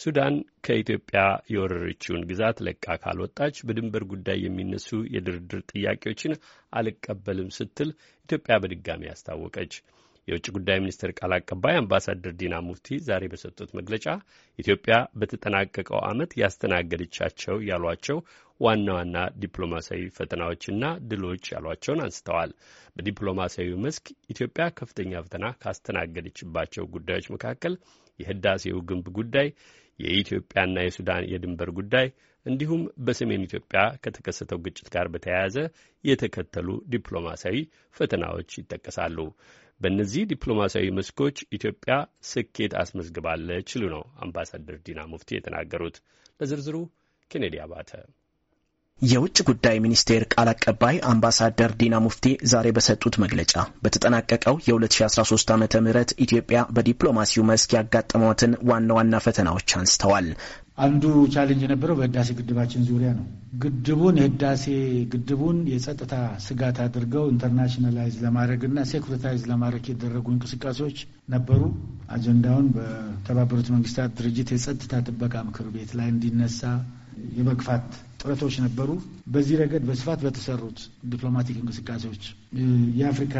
ሱዳን ከኢትዮጵያ የወረረችውን ግዛት ለቃ ካልወጣች በድንበር ጉዳይ የሚነሱ የድርድር ጥያቄዎችን አልቀበልም ስትል ኢትዮጵያ በድጋሚ አስታወቀች። የውጭ ጉዳይ ሚኒስቴር ቃል አቀባይ አምባሳደር ዲና ሙፍቲ ዛሬ በሰጡት መግለጫ ኢትዮጵያ በተጠናቀቀው ዓመት ያስተናገደቻቸው ያሏቸው ዋና ዋና ዲፕሎማሲያዊ ፈተናዎችና ድሎች ያሏቸውን አንስተዋል። በዲፕሎማሲያዊ መስክ ኢትዮጵያ ከፍተኛ ፈተና ካስተናገደችባቸው ጉዳዮች መካከል የህዳሴው ግንብ ጉዳይ፣ የኢትዮጵያና የሱዳን የድንበር ጉዳይ እንዲሁም በሰሜን ኢትዮጵያ ከተከሰተው ግጭት ጋር በተያያዘ የተከተሉ ዲፕሎማሲያዊ ፈተናዎች ይጠቀሳሉ። በእነዚህ ዲፕሎማሲያዊ መስኮች ኢትዮጵያ ስኬት አስመዝግባለች ሲሉ ነው አምባሳደር ዲና ሙፍቲ የተናገሩት። ለዝርዝሩ ኬኔዲ አባተ የውጭ ጉዳይ ሚኒስቴር ቃል አቀባይ አምባሳደር ዲና ሙፍቲ ዛሬ በሰጡት መግለጫ በተጠናቀቀው የ2013 ዓ ም ኢትዮጵያ በዲፕሎማሲው መስክ ያጋጠሟትን ዋና ዋና ፈተናዎች አንስተዋል። አንዱ ቻሌንጅ የነበረው በህዳሴ ግድባችን ዙሪያ ነው። ግድቡን የህዳሴ ግድቡን የጸጥታ ስጋት አድርገው ኢንተርናሽናላይዝ ለማድረግና ሴኩሪታይዝ ለማድረግ የደረጉ እንቅስቃሴዎች ነበሩ። አጀንዳውን በተባበሩት መንግስታት ድርጅት የጸጥታ ጥበቃ ምክር ቤት ላይ እንዲነሳ የመግፋት ጥረቶች ነበሩ። በዚህ ረገድ በስፋት በተሰሩት ዲፕሎማቲክ እንቅስቃሴዎች የአፍሪካ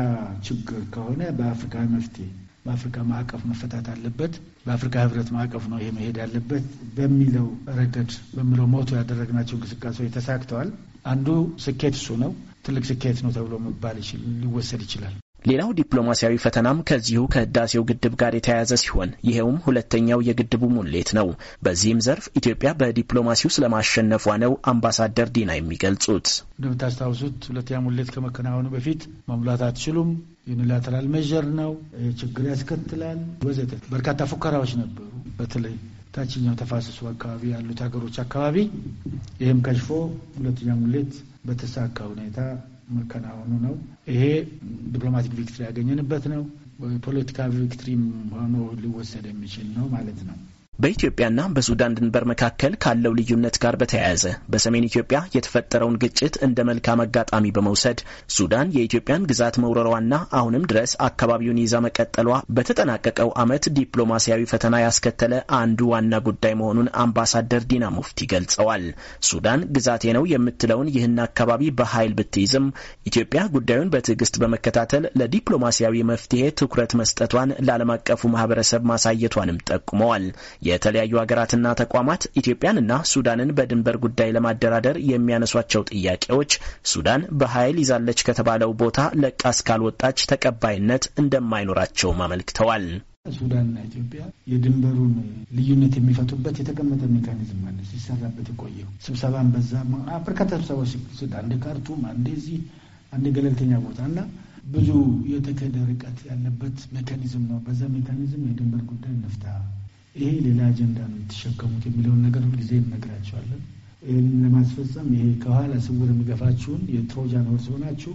ችግር ከሆነ በአፍሪካ መፍትሄ በአፍሪካ ማዕቀፍ መፈታት አለበት፣ በአፍሪካ ህብረት ማዕቀፍ ነው ይሄ መሄድ አለበት በሚለው ረገድ በሚለው ሞቶ ያደረግናቸው እንቅስቃሴዎች ተሳክተዋል። አንዱ ስኬት እሱ ነው። ትልቅ ስኬት ነው ተብሎ መባል ሊወሰድ ይችላል። ሌላው ዲፕሎማሲያዊ ፈተናም ከዚሁ ከህዳሴው ግድብ ጋር የተያያዘ ሲሆን ይኸውም ሁለተኛው የግድቡ ሙሌት ነው። በዚህም ዘርፍ ኢትዮጵያ በዲፕሎማሲው ስለማሸነፏ ነው አምባሳደር ዲና የሚገልጹት። እንደምታስታውሱት ሁለተኛ ሙሌት ከመከናወኑ በፊት መሙላት አትችሉም፣ ዩኒላተራል ሜዥር ነው፣ ችግር ያስከትላል ወዘተ በርካታ ፉከራዎች ነበሩ። በተለይ ታችኛው ተፋሰሱ አካባቢ ያሉት ሀገሮች አካባቢ ይህም ከሽፎ ሁለተኛ ሙሌት በተሳካ ሁኔታ መከናወኑ ነው። ይሄ ዲፕሎማቲክ ቪክትሪ ያገኘንበት ነው። ፖለቲካ ቪክትሪም ሆኖ ሊወሰድ የሚችል ነው ማለት ነው። በኢትዮጵያና በሱዳን ድንበር መካከል ካለው ልዩነት ጋር በተያያዘ በሰሜን ኢትዮጵያ የተፈጠረውን ግጭት እንደ መልካም አጋጣሚ በመውሰድ ሱዳን የኢትዮጵያን ግዛት መውረሯና አሁንም ድረስ አካባቢውን ይዛ መቀጠሏ በተጠናቀቀው ዓመት ዲፕሎማሲያዊ ፈተና ያስከተለ አንዱ ዋና ጉዳይ መሆኑን አምባሳደር ዲና ሙፍቲ ገልጸዋል። ሱዳን ግዛቴ ነው የምትለውን ይህን አካባቢ በኃይል ብትይዝም ኢትዮጵያ ጉዳዩን በትዕግስት በመከታተል ለዲፕሎማሲያዊ መፍትሄ ትኩረት መስጠቷን ለዓለም አቀፉ ማህበረሰብ ማሳየቷንም ጠቁመዋል። የተለያዩ ሀገራትና ተቋማት ኢትዮጵያንና ሱዳንን በድንበር ጉዳይ ለማደራደር የሚያነሷቸው ጥያቄዎች ሱዳን በኃይል ይዛለች ከተባለው ቦታ ለቃ እስካልወጣች ተቀባይነት እንደማይኖራቸውም አመልክተዋል። ሱዳንና ኢትዮጵያ የድንበሩን ልዩነት የሚፈቱበት የተቀመጠ ሜካኒዝም አለ። ሲሰራበት የቆየው ስብሰባን በዛ በርካታ ስብሰባዎች ሲወስድ አንድ ካርቱም፣ አንዴ እዚህ፣ አንዴ ገለልተኛ ቦታ እና ብዙ የተከደ ርቀት ያለበት ሜካኒዝም ነው። በዛ ሜካኒዝም የድንበር ጉዳይ ነፍታ ይሄ ሌላ አጀንዳ ነው የተሸከሙት የሚለውን ነገር ሁልጊዜ እንነግራቸዋለን። ይህን ለማስፈጸም ይሄ ከኋላ ስውር የሚገፋችሁን የትሮጃን ሆርስ ሆናችሁ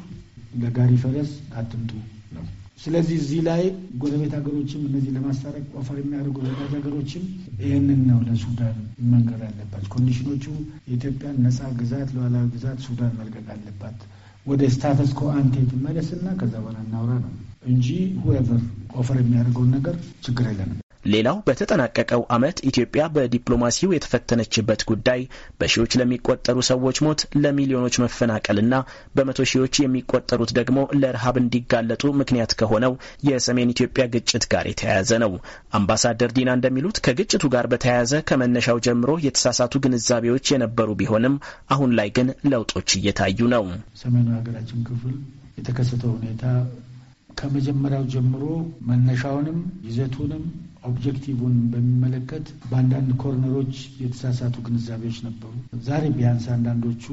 ለጋሪ ፈረስ አትምጡ ነው። ስለዚህ እዚህ ላይ ጎረቤት ሀገሮችም እነዚህ ለማስታረቅ ቆፈር የሚያደርጉ ወዳጅ ሀገሮችም ይህንን ነው ለሱዳን መንገድ አለባት። ኮንዲሽኖቹ የኢትዮጵያን ነፃ ግዛት ለኋላዊ ግዛት ሱዳን መልቀቅ አለባት። ወደ ስታተስ ኮ አንቴ ትመለስና ከዛ በኋላ እናውራ ነው እንጂ ሁቨር ኦፈር የሚያደርገውን ነገር ችግር የለንም። ሌላው በተጠናቀቀው ዓመት ኢትዮጵያ በዲፕሎማሲው የተፈተነችበት ጉዳይ በሺዎች ለሚቆጠሩ ሰዎች ሞት፣ ለሚሊዮኖች መፈናቀልና በመቶ ሺዎች የሚቆጠሩት ደግሞ ለረሃብ እንዲጋለጡ ምክንያት ከሆነው የሰሜን ኢትዮጵያ ግጭት ጋር የተያያዘ ነው። አምባሳደር ዲና እንደሚሉት ከግጭቱ ጋር በተያያዘ ከመነሻው ጀምሮ የተሳሳቱ ግንዛቤዎች የነበሩ ቢሆንም አሁን ላይ ግን ለውጦች እየታዩ ነው። ሰሜኑ ሀገራችን ክፍል የተከሰተው ሁኔታ ከመጀመሪያው ጀምሮ መነሻውንም ይዘቱንም ኦብጀክቲቭን በሚመለከት በአንዳንድ ኮርነሮች የተሳሳቱ ግንዛቤዎች ነበሩ። ዛሬ ቢያንስ አንዳንዶቹ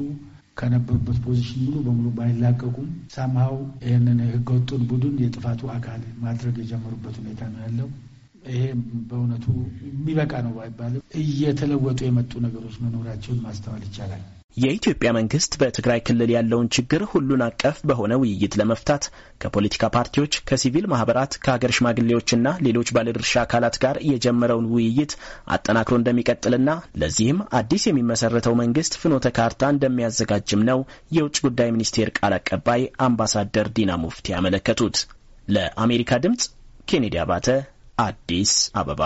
ከነበሩበት ፖዚሽን ሙሉ በሙሉ ባይላቀቁም ሳምሃው ይህንን ህገወጡን ቡድን የጥፋቱ አካል ማድረግ የጀመሩበት ሁኔታ ነው ያለው። ይሄ በእውነቱ የሚበቃ ነው ባይባልም እየተለወጡ የመጡ ነገሮች መኖራቸውን ማስተዋል ይቻላል። የኢትዮጵያ መንግስት በትግራይ ክልል ያለውን ችግር ሁሉን አቀፍ በሆነ ውይይት ለመፍታት ከፖለቲካ ፓርቲዎች፣ ከሲቪል ማህበራት፣ ከሀገር ሽማግሌዎችና ሌሎች ባለድርሻ አካላት ጋር የጀመረውን ውይይት አጠናክሮ እንደሚቀጥልና ለዚህም አዲስ የሚመሰረተው መንግስት ፍኖተ ካርታ እንደሚያዘጋጅም ነው የውጭ ጉዳይ ሚኒስቴር ቃል አቀባይ አምባሳደር ዲና ሙፍቲ ያመለከቱት። ለአሜሪካ ድምጽ ኬኔዲ አባተ አዲስ አበባ